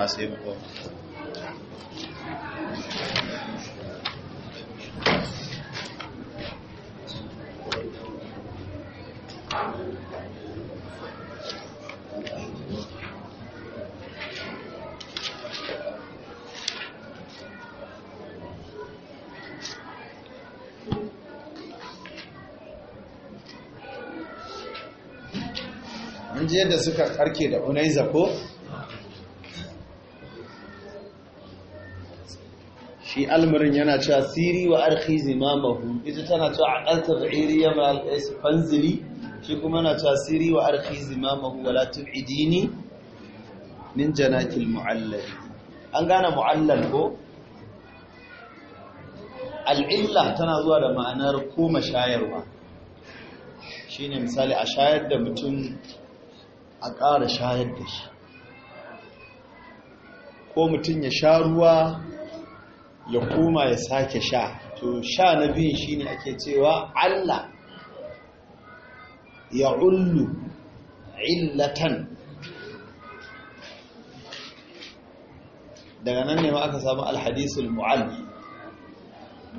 masu yin ko an ji suka karke da unaiza ko shi almarin yana cewa siri wa arhi zimamahu ita tana cewa da iri ya ma shi kuma na cewa siri wa arhi zimamahu wala idini min janakil mu'allal an gane mu'allal ko al'illa tana zuwa da ma'anar koma shayarwa shi ne misali a shayar da mutum a ƙara shayar da shi ko mutum ya sha ruwa ya koma ya sake sha to sha na biyun shi shine ake cewa Allah ya ullu illatan daga nan ne ma aka samu alhadisul mu'alli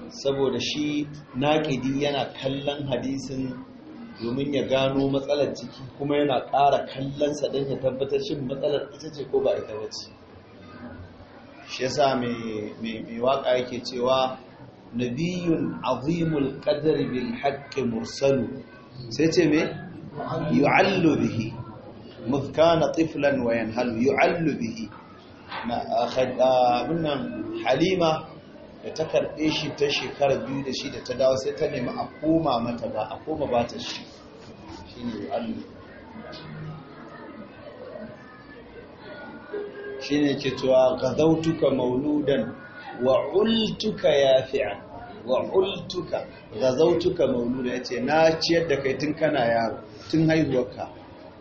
saboda shi naƙidi yana kallon hadisin domin ya gano matsalar ciki kuma yana ƙara kallonsa ɗin ya tabbatar shi matsalar ita ce ko ba ita wace shi yasa mai waka yake cewa nabiyun azimul qadri bil haqqi mursalu sai ce me yu'allu bihi mudh kana tiflan wa yanhalu yu'allu bihi na halima da ta karbe shi ta shekara biyu da shi da ta dawo sai ta nemi a koma mata ba a koma ba ta shi shine yu'allu shine ke cewa ghazautuka mauludan wa ultuka yafi'an wa ultuka ghazautuka mauludan yace na ciyar da kai tun kana yaro tun haihuwarka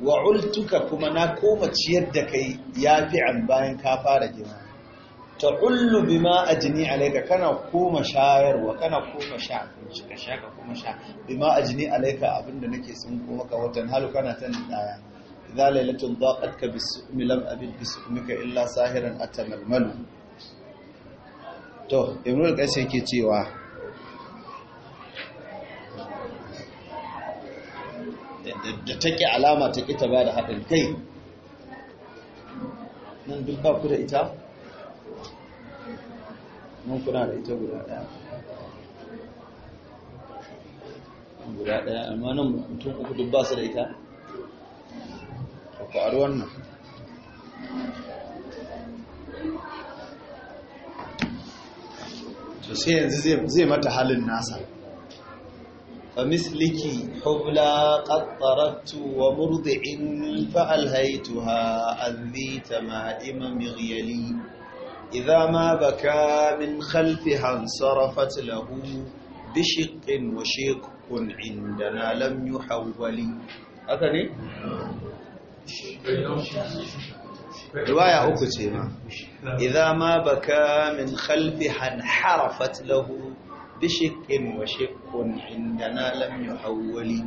wa ultuka kuma na koma ciyar da kai yafi'an bayan ka fara gina ta ullu bima ajni alayka kana koma shayarwa kana koma sha abinci ka sha ka koma sha bima ajni alayka abinda nake sun koma ka watan halu kana tan daya idza ليلة ضاقتك ka لم أبد بسؤمك إلا illa sahiran atamalmalu to ibnu al cewa da take alama ta kita ba da haɗin kai nan duk ba ku da ita nan kuna da ita guda ɗaya guda ɗaya amma nan mutum uku duk ba su da ita faru wannan to زي yanzu zai mata فمثلك حبلى قد طردت ومرضع فألهيتها أذيت تمائم مغيلي إذا ما بكى من خلفها انصرفت له بشق وشق عندنا لم يحول هكذا رواية أكتبة إذا ما بكى من خلفها انحرفت له بشك وشق عندنا لم يحول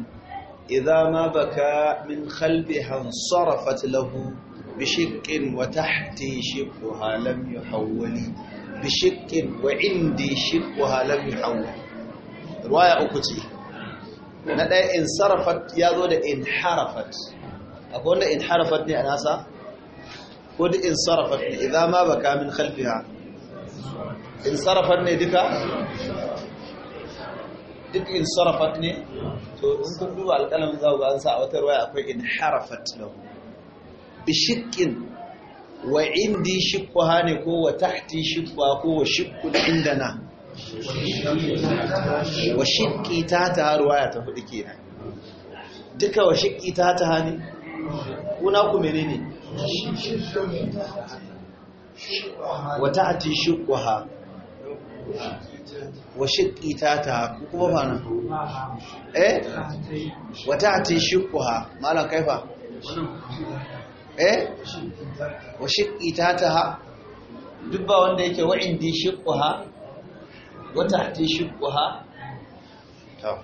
إذا ما بكى من خلفها انصرفت له بشك وتحتي شقها لم يحول بشك وعندي شقها لم يحول رواية أكتبة نتأي انصرفت يا ذود انحرفت انحرفت أقول إن حرفتني أناسا قد إن صرفتني إذا ما بكى من خلفها إن صرفتني دكا دك إن صرفتني تقول كل دوا الكلام ذا وأنسى أوتر ويا أقول إن حرفت له بشك وعندي شك هاني كو وتحتي شك وأكو شك عندنا وشك تاتا رواية فلكينا إيه. دكا وشك تاتا هاني kuna ku menene wata ati shuqaha wa shiqqitata ku ba fana eh wata ati shuqaha malan kaifa eh wa shiqqitata duk ba wanda yake wa indi shuqaha wa tahti shuqaha Ta.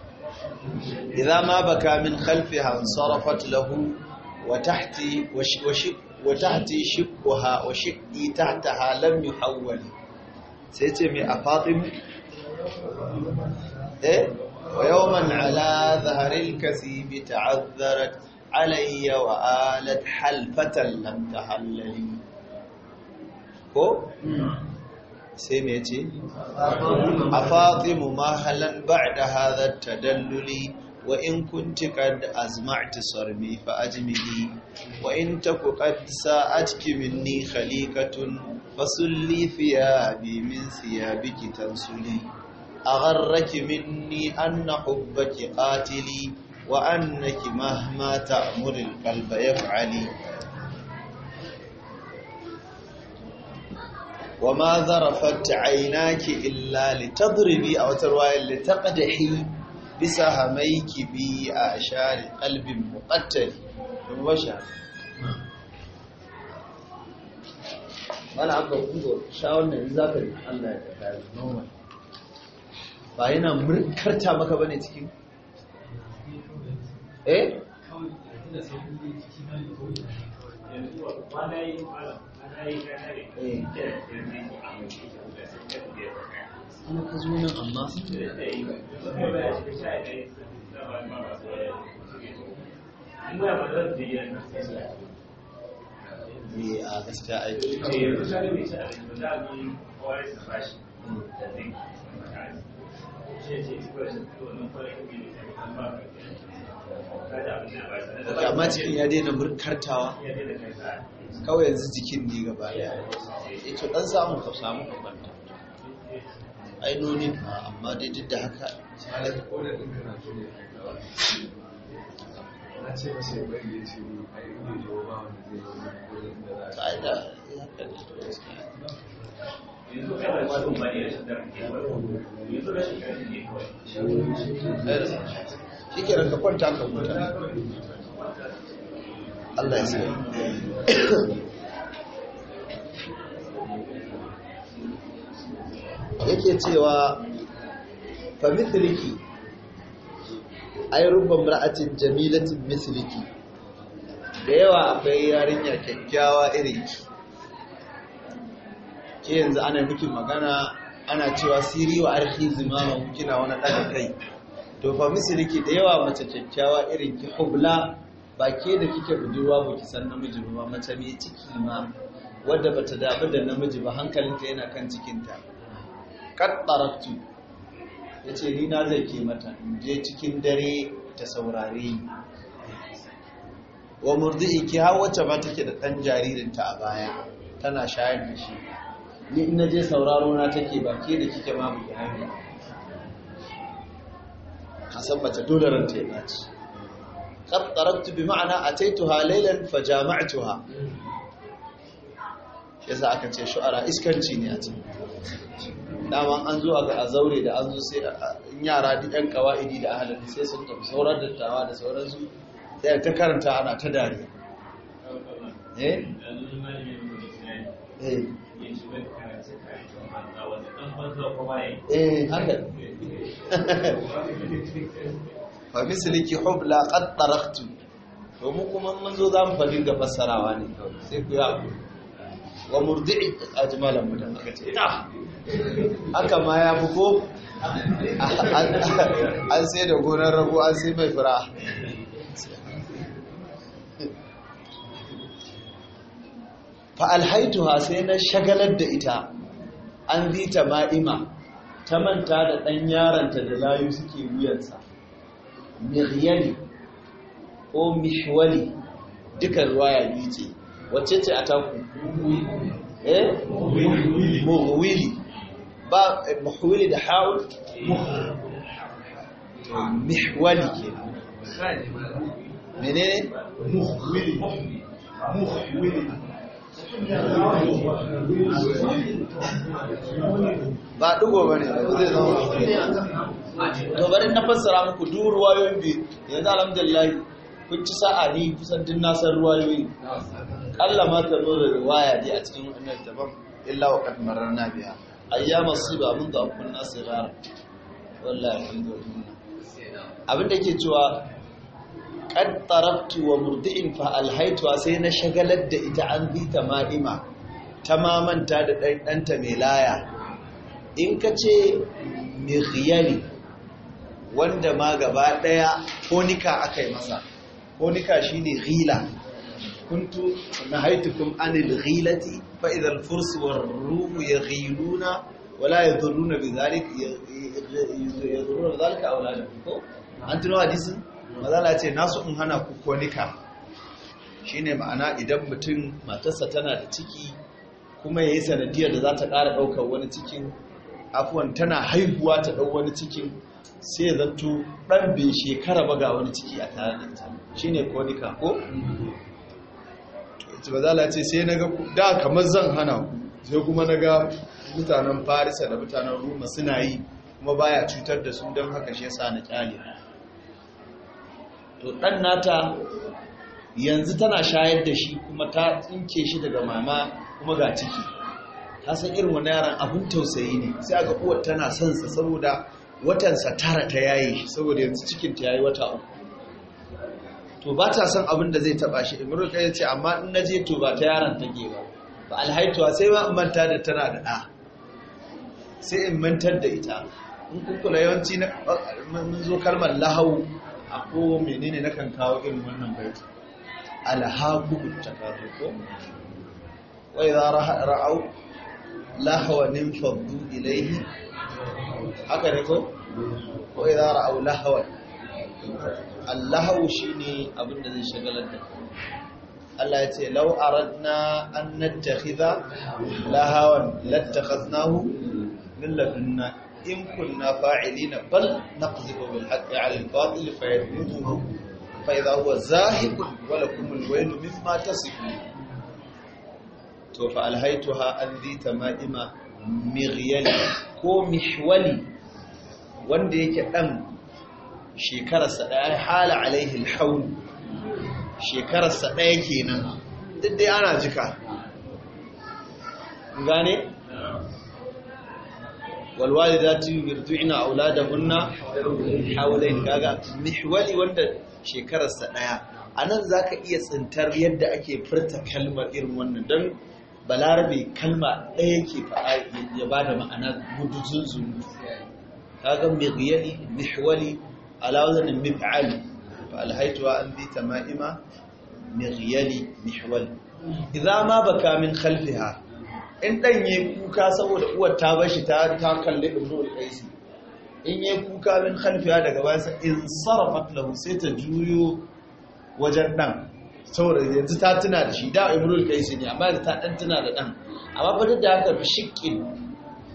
idza ma baka min khalfiha sarafat lahu wa tahti shiqqaha wa shiqqi tahtaha lam yuhawwal sai ce mai a fatim eh wa yawman ala zaharil kasibi ta'azzarat alayya wa alat halfatan lam tahallali ko sai mai ce a fatim ma halan ba'da hadha tadalluli وإن كنت قد أزمعت صرمي فأجملي وإن تك قد ساءتك مني خليقة فسلي ثيابي من ثيابك تنسلي أغرك مني أن حبك قاتلي وأنك مهما تأمر القلب يفعلي وما ذرفت عيناك إلا لتضربي أو ترواي لتقدحي bisa hamaiki bi a shari kalbin muƙattari don washa wani abu kungo shawon da za ka Allah ya kare noma. ba yana murkarta maka ba ne cikin eh kawai eh. kuma ka zo nan amma eh, a gaskiya aiki amma cikin ya daina murkartawa kawai yanzu jikin ne gaba daya ito eh, dan samu ka samu ka kwanta ainihin amma dai duk da haka shi ke ranka kwanta ka Allah ya sai yake cewa fa famithliki ai rubban ra'atin jamilatin misliki da yawa akwai yarinya kyakkyawa irin ki? ke yanzu ana miki magana ana cewa siri wa arhi zimama kina wani ɗaga kai to fa misliki da yawa mace kyakkyawa irin ki? hubla ba ke da kike budurwa ba ki san namiji ba mace mai ciki ma wadda bata damu da namiji ba hankalinta yana kan cikinta kaddaraktu ya ce ni na zai ke mata je cikin dare ta saurare wa murdi'i ki har wacce ba take da ɗan jaririnta a baya tana shayar da shi ni ina je sauraro na take ba ke da kike ma bu gani hasan mace dole ran ta yaci qad tarabtu bi ma'ana a ataituha laylan fa jama'tuha yasa aka ce shu'ara iskanci ne a cikin daman an zo a zaure da an zo sai yara duk yan kawa'idi da ahalin sai sun tafi sauran dattawa da sauransu sai ta karanta ana ta dare eh? eh eh haka fa misliki hubla qad taraktu to mu kuma mun zo za mu fadin ga fassarawa ne kawai sai ku yi wa murdi'i ajmalan ji malam mudan aka ce ta haka ma ya fi ko an sai da gonar rago an sai mai fura fa alhaituha sai na shagalar da ita an zita ma'ima ta manta da ɗan yaranta da layu suke wuyansa miryani ko mishwali duka ruwaya ya ce wacce ce a taku eh ba muhuwili da ha'ul mihwali ke menene muhuwili muhuwili ba dugo ba ne zai zama to na fassara muku duk ruwayoyin biyu yanzu alhamdulillah kun ci sa'a kusan din nasar ruwayoyi Allah ma ta nuna riwaya ne a cikin wannan daban, illa wa kad mararna biha ayyama siba mun da kun nasira wallahi alhamdulillah abin da ke cewa kad taraktu wa murdi'in fa alhaitu sai na shagalar da ita an bi ta ma'ima ta mamanta da ɗanta mai laya in ka ce mighiyari wanda ma gaba ɗaya konika aka yi masa konika shine ghila كنت نهيتكم anil الغيلة فإذا الفرس والروم يغيلون ولا يضرون بذلك يضرون بذلك أو لا يضرون ko an tuno ماذا لا ce nasu in hana ku konika shine ma'ana idan mutum matarsa tana da ciki kuma yayi أو da za ta ƙara ɗaukar wani cikin afuwan tana haihuwa ta ɗau wani cikin sai ɗan bai shekara ba ga wani ciki a tare da ita shine konika ko bazala ce sai na ga da kamar zan hana sai kuma na ga mutanen farisa da mutanen Ruma suna yi kuma baya cutar da su don haka shi yasa na kyale to dan nata yanzu tana shayar da shi kuma ta tsinke shi daga mama kuma ga ciki ta san irin wani yaran abun tausayi ne sai aka kowar tana son sa saboda watansa tara ta yaye saboda yanzu cikinta ta yayi wata uku to ba ta son abin da zai taba shi imru kai ya ce amma in na je to ba ta yaron ge ba ba alhaituwa sai ma manta da tana da ɗa sai in mantar da ita in kukula yawanci mun zo kalmar lahau a ko menene na kan kawo irin wannan baiti alhaqukum takadukum wa idha ra'au lahawa nin faddu ilayhi haka ne ko wa idha ra'au lahawa allahu shine abin da zai shagalar da Allah ya ce lau aradna an nattakhidha lahawan lattakhadnahu min ladunna in kunna fa'ilina bal naqzifu bil haqqi 'ala al-batil fayadmuhu fa huwa zahiqun wa lakum al-waylu mimma tasifun to fa alhaytuha an dhi tama'ima mighyali ko mihwali wanda yake ɗan shekararsa ɗaya hala alaihi haulu shekararsa ɗaya kenan duk dai ana jika gane walwali za ta yi birtu ina aula da hunna haulai gaga mihwali wanda shekararsa ɗaya a nan za ka iya tsintar yadda ake furta kalmar irin wannan don balarabe kalma ɗaya ke faɗa ya ba da ma'ana guduzun zuru kaga mihwali ala wazanin mif'al alhaituwa an bi tama'ima miryali mihwal idza ma baka min khalfiha in dan yayi kuka saboda uwar ta bashi ta ta kalle kalli ibnul qais in yayi kuka min khalfiha daga bayan sa in sarfat lahu sai ta juyo wajen dan saboda yanzu ta tuna da shi da ibnul qais ne amma ta dan tuna da dan amma fa duk da haka bi shikkin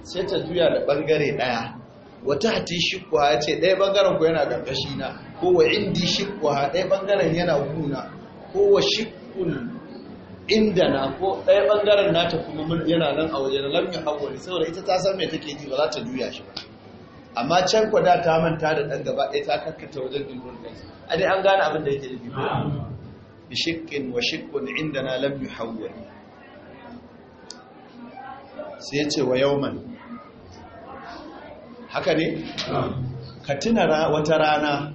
sai ta juya da bangare daya wata hati shikwa ya ce ɗaya ɓangaren ku yana ƙarƙashi na ko wa indi shikwa ɗaya ɓangaren yana guna ko wa shikun inda na ko ɗaya ɓangaren na ta kuma mun yana nan a wajen lamin hawali saboda ita ta san mai take ji ba za ta juya shi ba amma can kwada ta manta da ɗan gaba ɗaya ta karkata wajen dimbin kansa a dai an gane abin da yake da bibo bi wa shikun inda na lam yuhawwal sai ya ce wa yawman haka ne ka tuna wata rana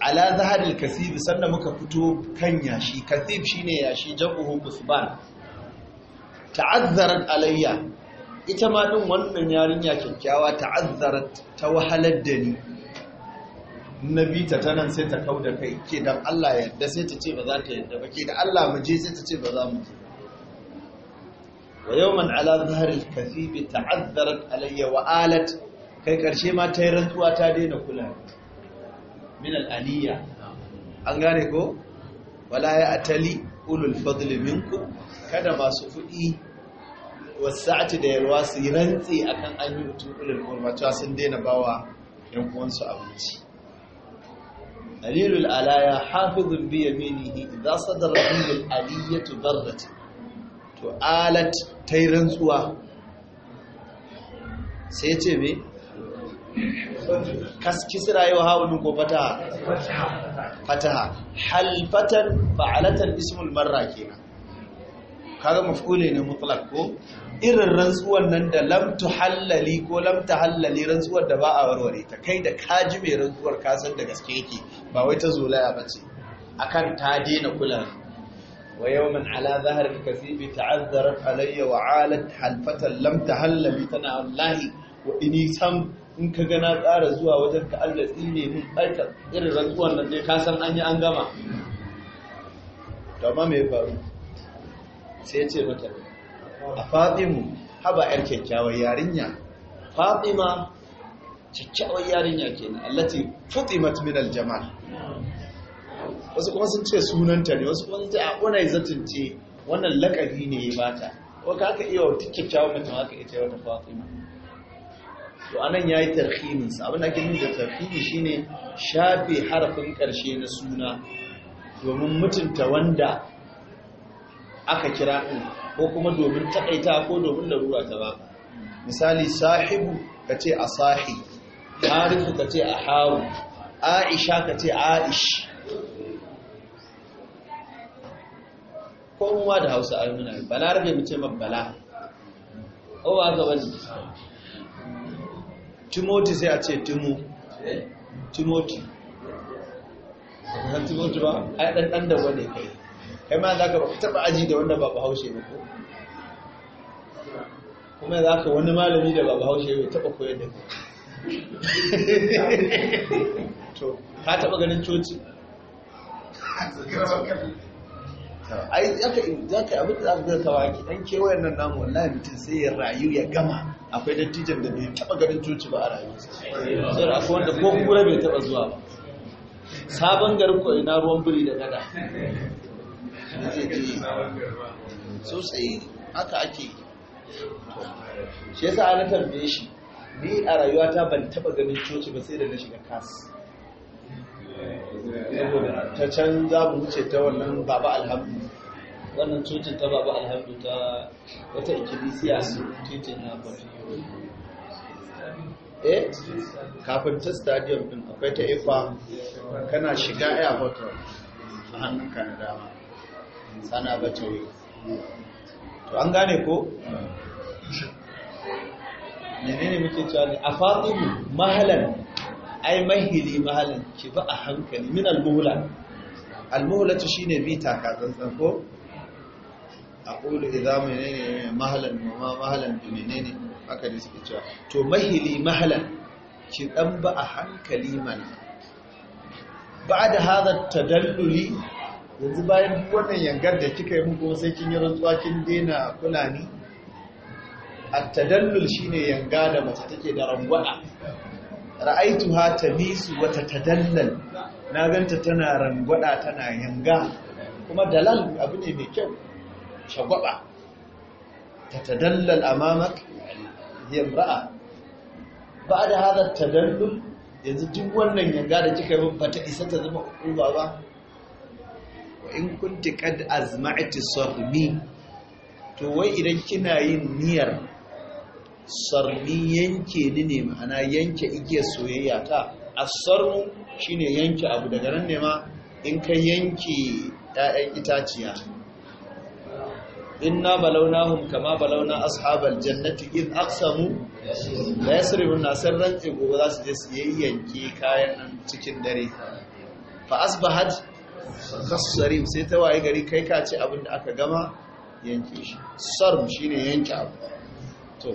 ala zaharil kasib sannan muka fito kan yashi kasib shine yashi jabuhu kusban ta'azzarat alayya ita ma din wannan yarinya kyakkyawa ta'azzarat ta wahalar da ni nabi ta tanan sai ta kauda kai ke dan Allah yadda sai ta ce ba za ta yadda ba ke da Allah mu je sai ta ce ba za mu je wa yawman ala zaharil kasib ta'azzarat alayya wa alat kai ƙarshe ma ta yi rantsuwa ta daina kula min al'aliyya an gane ko wala ya atali ulul fadli minku kada masu kuɗi ati da yalwa su yi rantsi akan an yi mutum ulul kurmatuwa sun daina bawa yan uwansu abinci dalilul alaya hafizun za su zara ulul aliyya tu zarrati to alat ta yi rantsuwa sai ce me kas kisra yau ha'ulun ko fataha fataha halfatan fa'alatan ismul marra kenan kaga maf'ule ne mutlak. ko irin rantsuwan nan da lamta halali ko lamta halali, rantsuwar da ba a warware ta kai da kaji mai rantsuwar kasan da gaske yake ba wai ta zolaya bace akan ta daina kula wa man ala zahar kasibi ta'azzarar halayya wa alat halfatan lamta halali tana wallahi wa ini sam in ka gana ƙara zuwa wajen ka Allah tsine mun aika irin rantsuwan nan dai ka san an yi an gama amma me faru sai ya ce mata a Fatimu haba yar kyakkyawar yarinya Fatima kyakkyawar yarinya kenan allati futimat min aljamal wasu kuma sun ce sunanta ne wasu kuma sun ce a ƙunai zatin ce wannan lakabi ne ya bata ko ka aka iya wa kyakkyawar mutum aka ita wata Fatima to anan yayi tarhimin sa abin da ake nuna da tarhimi shine shafe harafin karshe na suna domin mutunta wanda aka kira din ko kuma domin takaita ko domin larura ta ba misali sahibu kace asahi harifu kace aharu aisha kace aish ko mu da Hausa ai Bala balarabe mu ce mabala o ba ga wani timoti sai a ce timo, timoti eh. timoti ba a yi ɗanɗan da wane kai kai ma za ka ba taɓa aji da wanda ba haushe ba ko kuma za ka wani malami da ba haushe ba taɓa koyar da kai to ka taɓa ganin coci ai zaka zaka abin da zaka ga kawaki dan kewayen nan namu wallahi mutum sai ya rayu ya gama akwai dattijan da bai taba ganin coci ba a rayuwarsa sai akwai wanda ko kura bai taba zuwa ba sabon garin ko ina ruwan biri da gada sosai haka ake shi yasa na tambaye shi ni a rayuwata ban taba ganin coci ba sai da na shiga kasu. ta can za mu wuce ta wannan baba alhamdu wannan cocin ta baba alhamdu ta wata ikilisiya su titin na kwariyo eh kafin ta stadium din akwai ta ifa kana shiga hoto. a hannun ka na dama sana ba ta yi to an gane ko menene muke cewa ne a fatimu mahalan ai mahili mahalin ki ba a hankali min almuhla almuhla ta shine bi taka tsantsan ko aqulu idza menene mahalan ma mahalan bi menene haka ne suke cewa to mahili mahalan ki dan ba a hankali man ba'da hada tadalluli yanzu bayan wannan yangar da kika yi muku sai kin yi rantsuwa kin daina kula ni at-tadallul shine yanga da mace take da rangwada Ra'aitu ha ra'aituha wata ta dallal na ganta tana rangwada tana yanga kuma dalal abu ne mai kyau shagwaba tatadallal amamak hiya da ba'da hadha tadallul yanzu duk wannan yanga da kika yi ba ta isa ta zama hukuma ba wa in kunti qad azma'ti sahmi to wai idan kina yin niyar sarni yanke ni ne ma'ana yanke igiyar soyayya ta A shi ne yanke abu daga nan ne ma in ka yanke 'ya'yan itaciya inna hun kama balauna ashabal jannati da ya sirri hun nasar rantsi gobe za su je su yanke kayan nan cikin dare fa asbahat khassarim sai ta waye gari kai ka ce abin da aka gama yanke shi sarm shine yanke abu to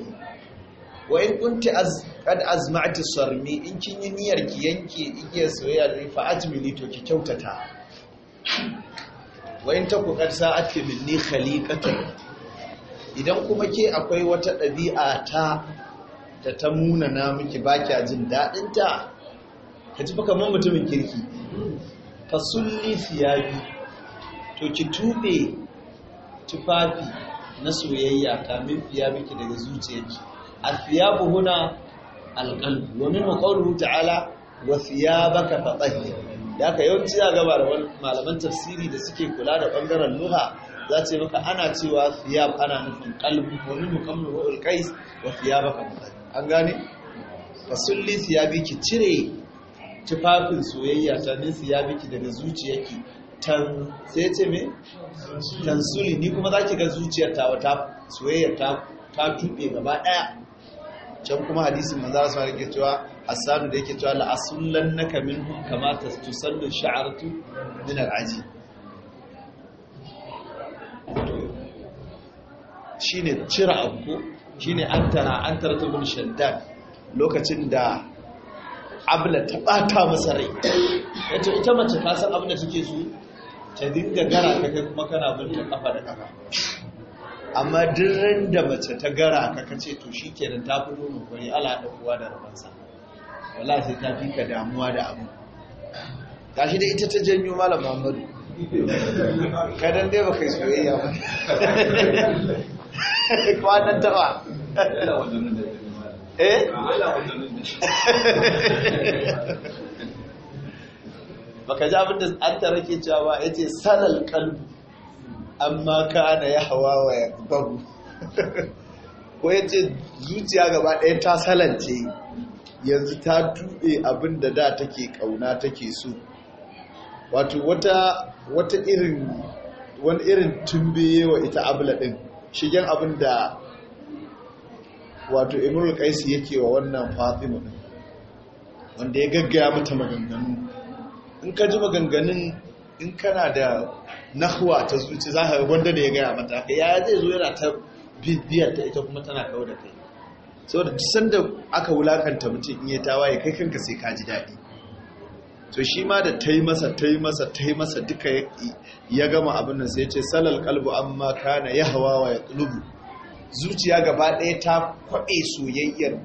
wa in kunti az kad azma'ti sarmi in kin yi niyyar ki yanke igiyar soyayya da fa ajmili to ki kyautata wa in taku kad sa'at ki ni khaliqatan idan kuma ke akwai wata ɗabi'a ta ta ta na miki ba kya jin daɗin ta ka ji kamar mutumin kirki fa sulli siyabi to ki tube tufafi na soyayya kamin fiya miki daga zuciyarki athiyabu huna alqalb wa min qawluhu ta'ala wa thiyabaka fatahhir da ka yawanci za ga malaman tafsiri da suke kula da bangaren luha, za ce maka ana cewa thiyab ana nufin qalbu wa min qawluhu alqais wa thiyabaka fatahhir an gane fasulli thiyabi ki cire tufafin soyayya ta ne thiyabi ki daga zuciyarki tan sai ce me suli ni kuma zaki ga zuciyar ta wata soyayyar ta ta tuɓe gaba ɗaya can kuma hadisin manzo Allah sallallahu alaihi cewa Hassanu da yake cewa la asullannaka minhum kama tusallu sha'ratu min al'aji shine cira abu shine antara antara tabun shaddad lokacin da abla ta bata masa rai yace ita mace ta san abin da take so ta dinga gara ta kai kuma kana binta kafa da kafa amma dirin da mace ta gara ka kace to shikenan ta fi nuna kwari ala da kuwa da rabansa Wala sai ta fi ka damuwa da abu shi da ita ta janyo malam Muhammadu kadan dai kai soyayya ba kwanan ta ba eh baka ji abin da an tara ke cewa ce sanar kalbu amma kana ya hawa wa ya babu ko ya ce zuciya gaba ɗaya ta salance yanzu ta tuɓe abin da da take ƙauna take so wato wata wata irin wani irin tumbe wa ita abula ɗin shigen abin da wato imrul kaisi yake wa wannan fatima ɗin wanda ya gaggaya mata maganganu in ka ji maganganun in kana da nahwa ta zuci za ka gwanda da ya gaya mata ka yaya zai zo yana ta bibiyar ta ita kuma tana kawo da kai saboda duk sanda aka wulakanta mutum in ya tawaye kai kanka sai ka ji daɗi to shi ma da ta yi masa ta yi masa ta yi masa duka ya gama abin nan sai ya ce salal kalbu amma kana ya hawa wa ya tulubu zuciya gaba ɗaya ta kwaɓe soyayyar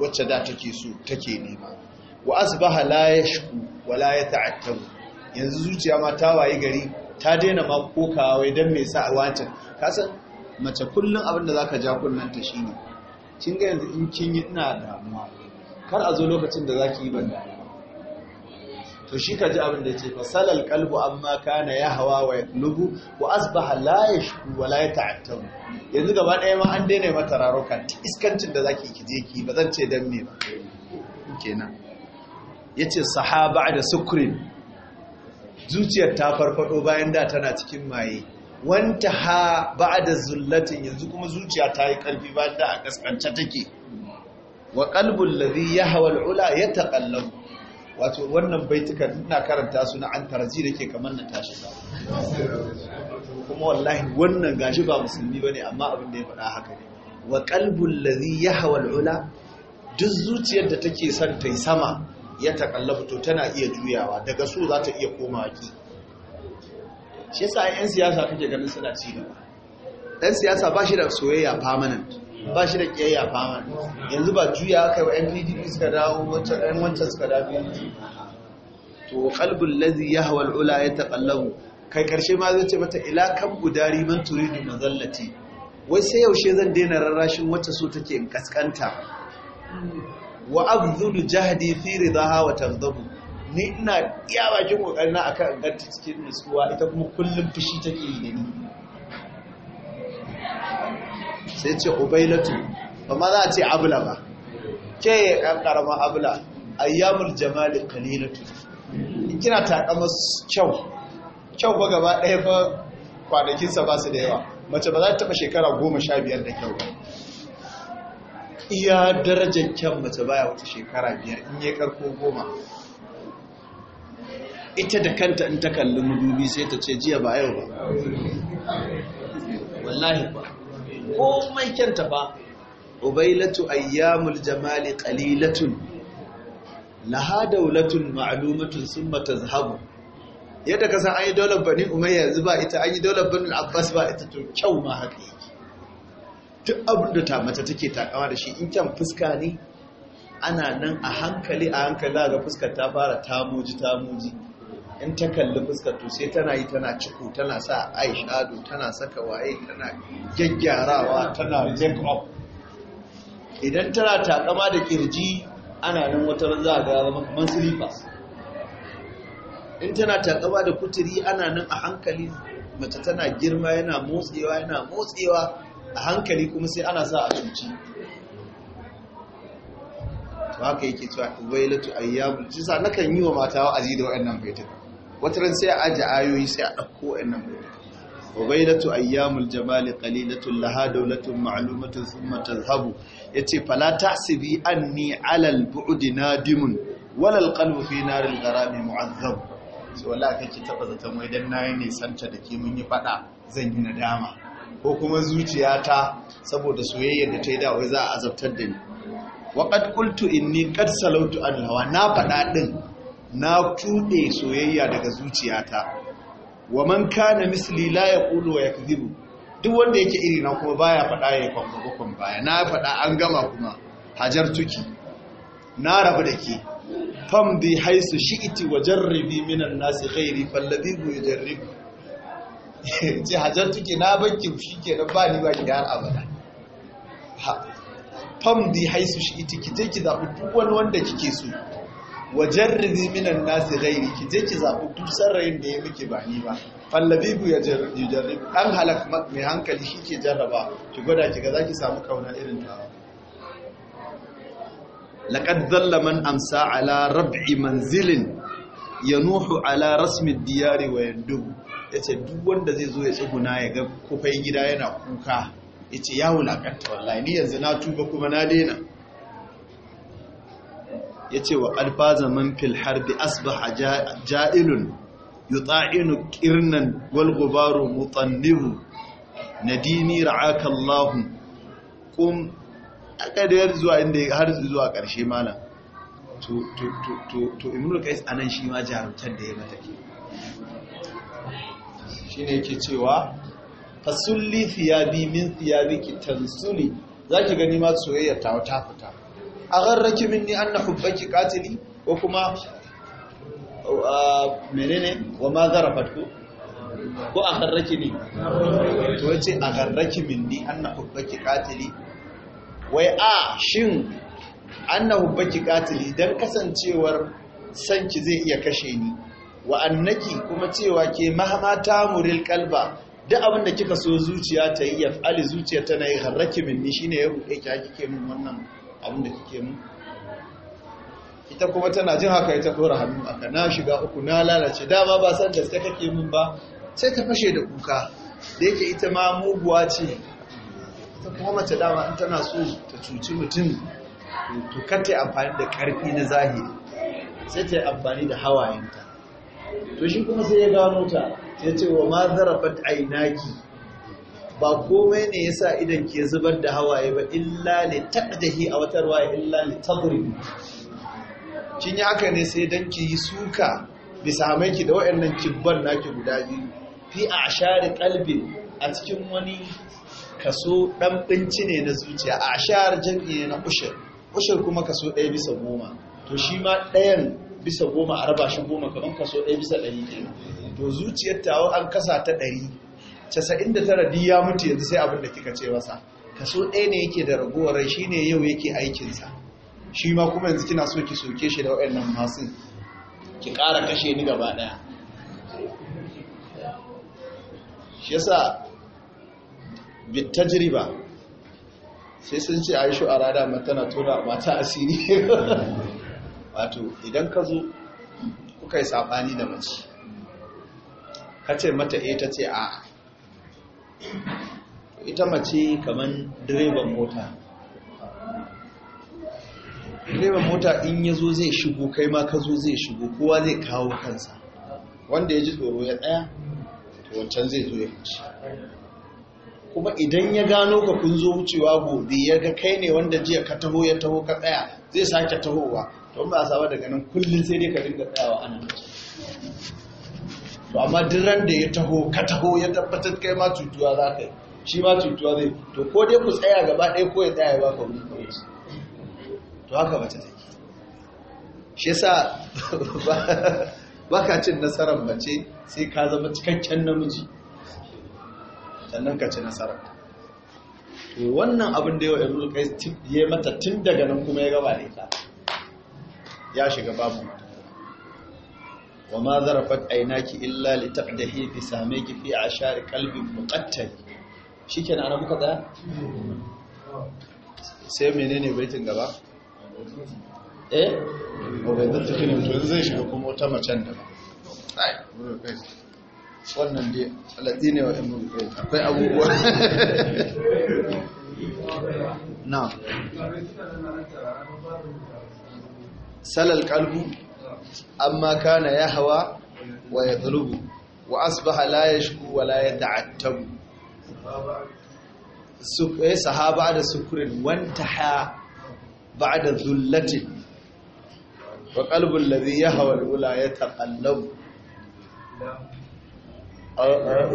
wacce da take so take nema wa asbaha la yashku wa la yata'attabu yanzu zuciya ma ta waye gari ta daina ma kokawa wai dan me sa wancan ka san mace kullun abin da zaka ja kullun ta shine kin ga yanzu in kin yi ina damuwa kar a zo lokacin da zaki yi ban to shi ka ji abin da yace fasalal qalbu amma kana ya hawa wa yaqlubu wa asbaha la yashku wa la yata'attabu yanzu gaba ɗaya ma an daina mata raroka iskancin da zaki ki je ki ba zan ce dan me ba kenan yace sahaba da sukrin zuciyar ta farfado bayan da tana cikin maye wanta ha da zullatin yanzu kuma zuciya ta yi karfi bayan da a kaskance take wa qalbul ladhi yahwa al-ula yataqallab wato wannan baitukan ina karanta su na an tarji dake kamar na tashi ba kuma wallahi wannan gashi ba musulmi bane amma abin da ya faɗa haka ne wa qalbul ladhi yahwa ula duk zuciyar da take son ta sama ya takallafu to tana iya juyawa daga so za ta iya komawa ki shi yasa yan siyasa kake ganin suna ci gaba dan siyasa ba shi da soyayya permanent ba shi da kiyayya permanent yanzu ba juya kai yi wa NPDP suka dawo wancan ɗan wancan suka dawo to qalbul ladhi yahwa al-ula yataqallabu kai karshe ma zai ce mata ila kan gudari man turidu mazallati wai sai yaushe zan daina rarrashin wacce so take in kaskanta wa abdul jahdi fi ridaha wa tanzabu? ni ina iya bakin kokarina akan ganta cikin nutsuwa ita kuma kullum fushi take yi da ni sai ce ubailatu ba ma za a ce abula ba ke ɗan ƙarama abula ayyamul jamali kalilatu kina takama kyau kyau ba gaba ɗaya ba kwanakinsa ba su da yawa mace ba za ta taɓa shekara goma sha biyar da kyau ba iya darajar kyan mace baya wata shekara biyar in ya karko goma ita da kanta in ta kalli madubi sai ta ce jiya ba yau ba wallahi ba mai kyanta ba ubailatu ayyamul jamali qalilatun laha daulatun ma'lumatun summa tazhabu yadda ka san an yi daular bani umayya yanzu ba ita an yi daular bani abbas ba ita to kyau ma haka duk abin da ta mace take takawa da shi in kyan fuska ne ana nan a hankali a hankali za ga fuskar ta fara tamoji tamoji in ta kalli fuskar to sai tana yi tana ciko tana sa shado tana saka waye tana gyaggyarawa tana make up idan tana takama da kirji ana nan wata za ga zama kamar slippers in tana takama da kuturi ana nan a hankali mace tana girma yana motsewa yana motsewa a hankali kuma sai ana sa a cuci to haka yake cewa wailatu ayyamul jisa nakan yi wa mata wa'azi da waɗannan Wata wataran sai a aje ayoyi sai a ɗauko waɗannan baitin wailatu ayyamul jamali qalilatul laha dawlatun ma'lumatun thumma tadhhabu yace fala tahsibi anni alal bu'di nadimun wala alqalbu fi naril gharami mu'azzab sai wallahi kake taba zaton dan nayi ne santa da ke mun yi fada zan yi nadama ko kuma zuciyata saboda soyayyar da ta yi dawai za a azabtar da ni waƙad kultu ni kad salautu an hawa na faɗa ɗin na tuɗe soyayya daga zuciyata wa man kana misli la yaqulu wa yakdhibu duk wanda yake iri na kuma baya faɗa ya kwamfakon baya na faɗa an gama kuma hajar tuki na rabu da ke Fam bi haisu shi'iti wa jarribi minan nasi khairi fallabi ku jarribi ce hajjattu ke na bakin shi ke na ba ni ba ki har abada fam di haisu shi ita ki je ki zaɓi duk wani wanda kike so wajen rizi minan nasi gairi ki je ki zaɓi duk sarrayin da ya muke ba ni ba fallabibu ya jarri an halak mai hankali shi ke jarraba ki gwada ki ga za ki samu kauna irin ta laƙad zalla man amsa ala rab'i manzilin ya nuhu ala rasmin diyari wa yandubu ya ce duk wanda zai zo ya tsuguna ya ga kufai gida yana kuka ya ce ya wulaƙanta wallahi ni yanzu na tuba kuma na daina ya ce wa alfaza man fil harbi asbaha ja'ilun tsa'inu kirnan wal gubaru mutannihu nadini ra'aka Kun kum zuwa inda har zuwa ƙarshe malam to to to to shi ma jarumtar da ya mata shine yake cewa fasulli thiyabi min thiyabiki tansuli zaki gani ma soyayya ta wata fita ni minni anna hubbaki qatili ko kuma menene wa ma zarafat ku ko agharraki ni? to yace ni minni anna hubbaki qatili wai a shin anna hubbaki qatili dan kasancewar sanki zai iya kashe ni wa annaki kuma cewa ke mahama tamuril kalba duk abin kika so zuciya ta yi yaf'ali zuciya tana yi harraki min ni shine ya buɗe ki ke min wannan abin kike min ita kuma tana jin haka ita dora hannu aka na shiga uku na lalace dama ba san gaske kake min ba sai ta fashe da kuka da yake ita ma muguwa ce ita kuma mace dama in tana so ta cuci mutum to kar ta amfani da karfi na zahiri sai ta yi amfani da hawayenta to shi kuma sai ya gano ta ya ce wa ma zarafat ainaki ba komai ne yasa idan ke zubar da hawaye ba illa ne taqdahi a watar waye illa ne tadrib kin yi haka ne sai dan ki yi suka bisa mai ki da wayannan kibban naki guda biyu fi share kalbi a cikin wani kaso ɗan ɗinci ne na zuciya a ashayar jam'i ne na ushir ushir kuma kaso ɗaya bisa goma to shi ma ɗayan bisa goma a raba shi goma kamar kaso ɗaya bisa ɗari ke to zuciyar tawa an kasa ta ɗari casa'in da tara biyu ya mutu yanzu sai abin da kika ce masa kaso ɗaya ne yake da ragowar rai shine yau yake aikinsa shi ma kuma yanzu kina so ki soke shi da waɗannan masu ki ƙara kashe ni gaba ɗaya shi yasa bit tajriba sai sun ce aishu rada mata na tona mata asiri wato idan ka zo kuka yi saɓani da mace ka ce mata e ta ce a ita mace kamar direban mota direban mota in ya zo zai shigo kai ma ka zo zai shigo kowa zai kawo kansa wanda ya ji tsoro ya tsaya to wancan zai zo ya wuce kuma idan ya gano ka kun zo wucewa gobe ya ga kai ne wanda jiya ka taho ya taho ka tsaya zai sake tahowa don ba a saba daga nan kullum sai dai ka dinga tsayawa ana to amma duk ran da ya taho ka taho ya tabbatar kai ma cutuwa za ka yi shi ma cutuwa zai to ko dai ku tsaya gaba ɗaya ko ya tsaya ba ka wani to haka mace ke shi yasa ba ka cin nasarar mace sai ka zama cikakken namiji sannan ka ci nasarar to wannan abin da yau ibnu qais ya mata tun daga nan kuma ya gaba da ita ya shiga babu wa ma zarafat aynaki illa li taqdahi fi samiki fi ashar qalbi muqattal shikenan ana muka tsaya sai menene baitin gaba eh obedan cikin to zai shiga kuma wata macen da ai wannan dai alati ne wa ibnu qayyim akwai abubuwa na salal qalbu amma kana ya hawa wa ya yadlubu wa asbaha la yashku wa la yata'attabu sahaba da sukurin wantaha ba'da dhullatin wa qalbu alladhi yahwa al-ula yataqallabu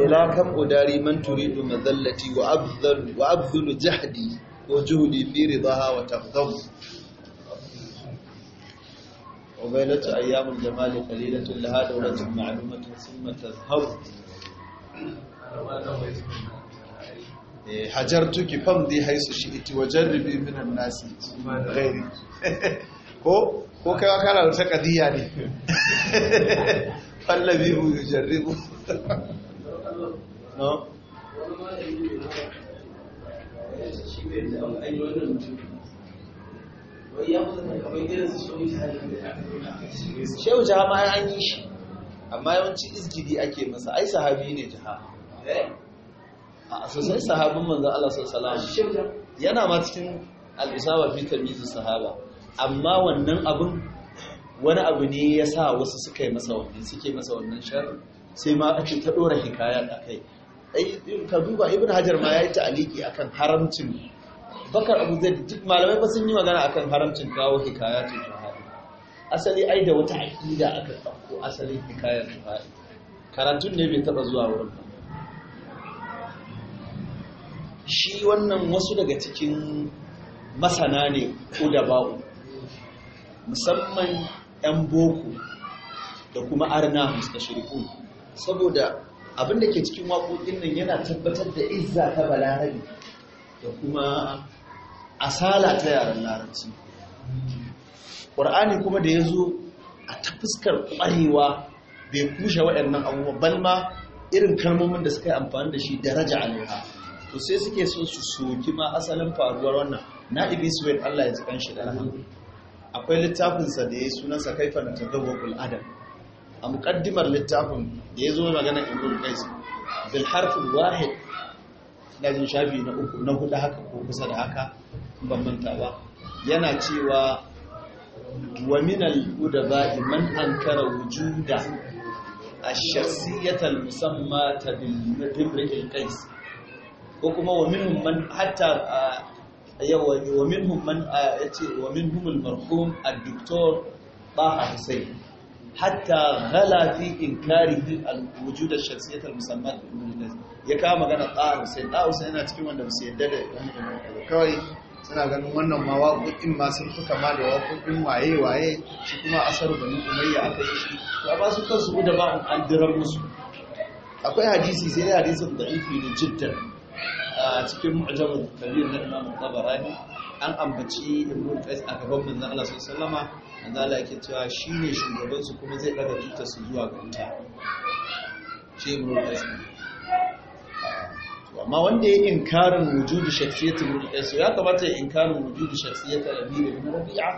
ila kan udari man turidu madallati wa abdhal wa jahdi wa juhdi fi ridaha wa tafdhabu قبيلة أيام الجمال قليلة لها دولة معلومة ثم تذهب إيه، حجرتك فامضي حيث شئت وجربي من الناس غيري ko ko kai wa الفقه دي يعني ne fallabi bu yujarribu shehu jaha ma an yi shi amma yawanci izgidi ake masa ai sahabi ne jaha eh? a sosai sahabin manzan Allah sallallahu yana ma cikin al'isaba fi tamizu sahaba amma wannan abin wani abu ne ya sa wasu suka yi masa wannan suke masa wannan sharar sai ma ake ta ɗora hikaya a kai ka duba ibn hajar ma ya yi ta'aliki akan haramcin bakar abu zai duk malamai ba sun yi magana kan haramcin kawo hikaya ta asali ai da wata aƙida aka ɗauko asalin hikayar shuhari karantun ne bai taɓa zuwa wurin ba shi wannan wasu daga cikin masana ne ko da ku, musamman 'yan boko da kuma arna mustashirikun saboda abin da ke cikin waƙoƙin nan yana tabbatar da izza ta balarabi da kuma asala ta yaren larabci ƙur'ani kuma da ya zo a ta fuskar ƙwarewa bai kushe waɗannan abubuwa balma irin kalmomin da suka yi amfani da shi daraja alaiha to sai suke so su soki ma asalin faruwar wannan na ibi suwaid allah ya ji kan shi da akwai littafinsa da ya yi sunansa kaifa na tagawakul adam a muƙaddimar littafin da ya zo magana imrul qais bil harfin wahid na jin shafi na uku na hudu haka ko kusa da haka bambantawa yana cewa wa min al-udaba man ankara wujuda ash shakhsiyata al-musamma bil qais ko kuma wa minhum man hatta yawa wa minhum man yace wa minhum al-marhum ad-doktor Taha Hussein hatta ghala fi inkarihi al-wujud ash shakhsiyata al-musamma bil qais ya kama magana Taha Hussein Taha Hussein yana cikin wanda su yadda da kawai suna ganin wannan ma waƙoƙin ma sun fi kama da waƙoƙin waye-waye shi kuma asar bani umayya aka yi shi ya ba su kansu da ba an musu akwai hadisi sai dai hadisin da ifi da jiddar a cikin mu'jamul kabir na imam tabarani an ambaci ibnu qais a gaban manzo Allah sallallahu alaihi wasallama manzo Allah yake cewa shine shugaban su kuma zai daga tutar su zuwa ga wuta shi ibnu qais amma wanda ya inkarin wujudu shakhsiyati rubi'a so ya kamata ya inkarin wujudu shakhsiyati labid ibn rubi'a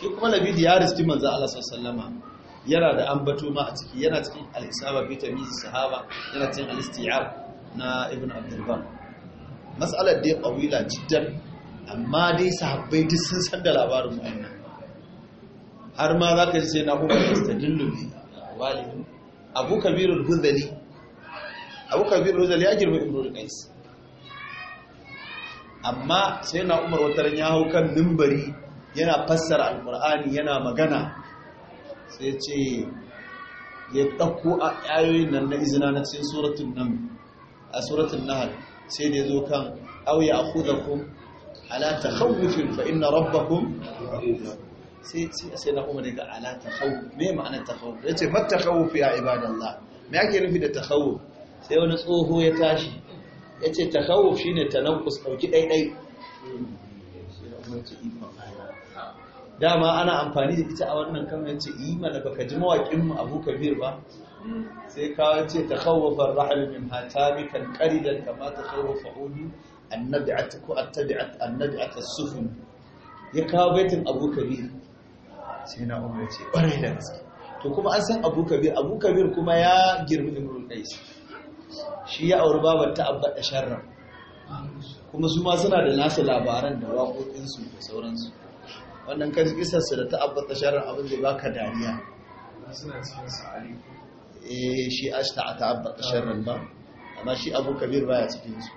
shi kuma labid ya riski manzo Allah sallallahu yana da ambato ma a ciki yana cikin al-isaba bi sahaba yana cikin al-isti'ab na ibn abdul bar mas'alar dai qawila jiddan amma dai sahabbai duk sun san da labarin wannan har ma zaka ji sai na hukumar istadillu bi walidin abu kabirul hudali abubakar bin rozal ya girma imrul qais amma sai na umar wataran ya hau kan mimbari yana fassara alkur'ani yana magana sai ce ya ɗauko a ayoyin nan na izina na cikin suratun nan a suratun nahal sai da ya zo kan auya a kudakun ala ta hawufin fa inna rabbakun sai sai na umar daga ala ta hawuf me ma'ana ta hawuf ya ce mata hawuf ya ibadallah me ake nufi da ta hawuf sai wani tsoho ya tashi ya ce ta takawuf shi ne ta tanankus ɗauki ɗaiɗai dama ana amfani da ita a wannan kan ya ce yi mana ka ji mawaƙinmu abu kabir ba sai kawo ce ta takawufar rahal min bi kan ƙaridan kama takawufa hudu annabi'at ko Annabi annabi'at as-sufun ya kawo baitin abu kabir sai na umar ce ƙwarai da gaske to kuma an san abu kabir abu kabir kuma ya girmi imrul qais shi ya auri babar ta abba da kuma su ma suna da nasu labaran da waƙoƙinsu da sauransu wannan kan isarsu da ta abba da sharra abin zai ka dariya eh shi ashta ta abba da sharra ba amma shi abu kabir baya cikin su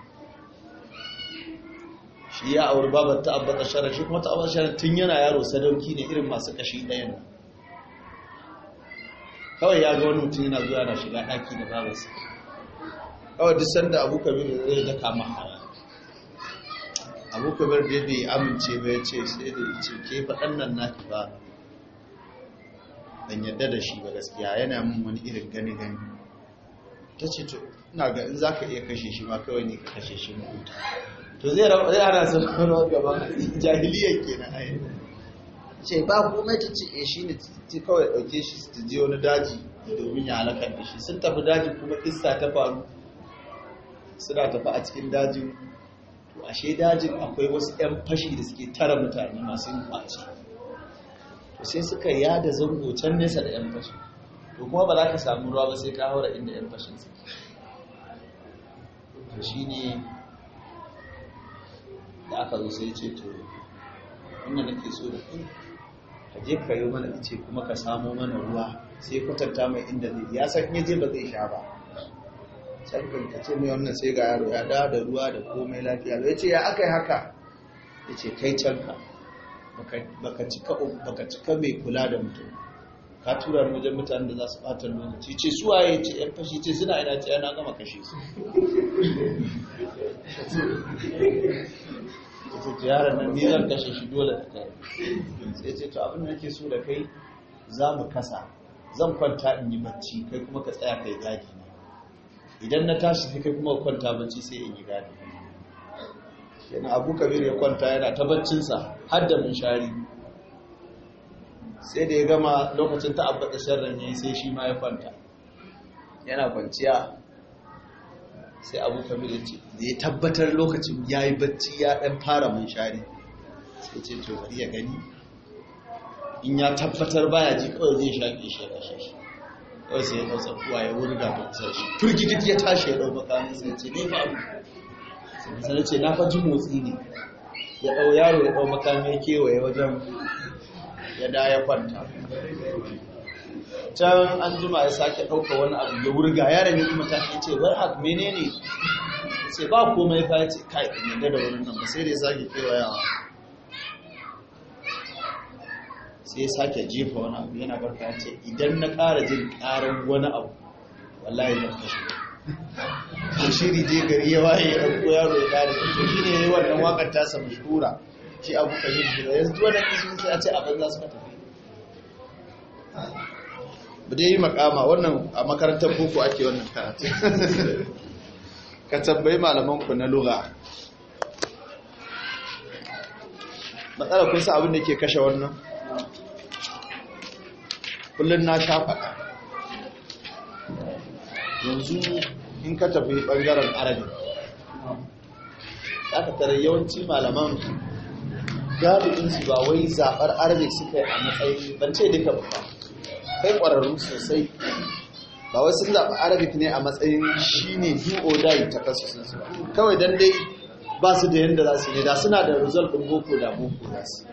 shi ya auri babar ta abba da shi kuma ta abba tun yana yaro sadauki ne irin masu kashi ɗayan kawai ya ga wani mutum yana zuwa na shiga ɗaki da babarsa kawai duk sanda abu kabir zai da kama abu kabir da bai amince bai ce sai da ya ce ke faɗan nan naki ba ban yadda da shi ba gaskiya yana min wani irin gani gani ta ce to ina ga in zaka iya kashe shi ma kawai ne ka kashe shi ma huta to zai zai ana son kano gaba jahiliya kenan ai ce ba komai ta ce eh, shi shine ta kawai dauke shi ta je wani daji domin ya halakar da shi sun tafi daji kuma kissa ta faru suna tafi a cikin dajin to ashe dajin akwai wasu 'yan fashi da suke tara mutane masu yin kwaci to sai suka yada zango can nesa da 'yan fashi to kuma ba za ka samu ruwa ba sai ka haura inda 'yan fashin suke to shi ne da aka zo sai ce to wannan nake so da ku ka je ka yi mana ice kuma ka samo mana ruwa sai kwatanta mai inda zai ya san yaje ba zai sha ba can ce mai wannan sai ga yaro ya dawo da ruwa da komai lafiya ya ce ya aka yi haka ya ce kai canka. baka cika mai kula da mutum ka tura ni wajen mutanen da za su ɓata lokaci ce su waye ce yan fashi ce suna ina ce yana gama kashe su ce ce yaran nan nizar zan kashe shi dole ta kai sai ce to abin da nake so da kai za mu kasa zan kwanta in yi bacci kai kuma ka tsaya kai gadi idan na tashi fi kai kuma kwanta bacci sai in yi gani yana abu kabir ya kwanta yana ta baccinsa har da munshari sai da ya gama lokacin ta abbata ya yi sai shi ma ya kwanta yana kwanciya sai abu kabir ya ce da ya tabbatar lokacin ya yi bacci ya ɗan fara munshari sai ce to ya gani in ya tabbatar baya ji kawai zai shaƙe shi ya shi kawai sai ya dau tsakuwa ya wurga da kusa shi firgidit ya tashi ya ɗauka makamin sai ce ne ba abu sai ce na fa ji motsi ne ya ɗau yaro ya ɗau makamin ya kewaye wajen ya da ya kwanta can an zuma ya sake ɗauka wani abu ya wurga yaron ya kuma tashi ce bar hak menene ce ba komai fa ya ce kai ne da nan. ba sai dai zage kewayawa sai sake jefa wani abu yana barka ce idan na ƙara jin ƙarar wani abu wallahi zan kashe to shiri je gari ya waye ya ɗauko yaro ya ƙara to shi ne ya yi wannan waƙar samu shura shi abu ka yi da yanzu wannan isu sai a ce a banza suka tafi ba dai yi makama wannan a makarantar boko ake wannan karatu ka tambayi malamanku na lura matsalar kun sa abin da ke kashe wannan kullum na sha faɗa yanzu in ka tafi ɓangaren arabi Ya ka tare yawanci malaman galibinsu ba wai zaɓar arabi suka yi a matsayin ban ce duka ba kai ƙwararru sosai ba wai sun zaɓi arabi ne a matsayin shi ne do or ta kasu sun su kawai don dai ba su da yadda za su ne da suna da result ɗin boko da boko za su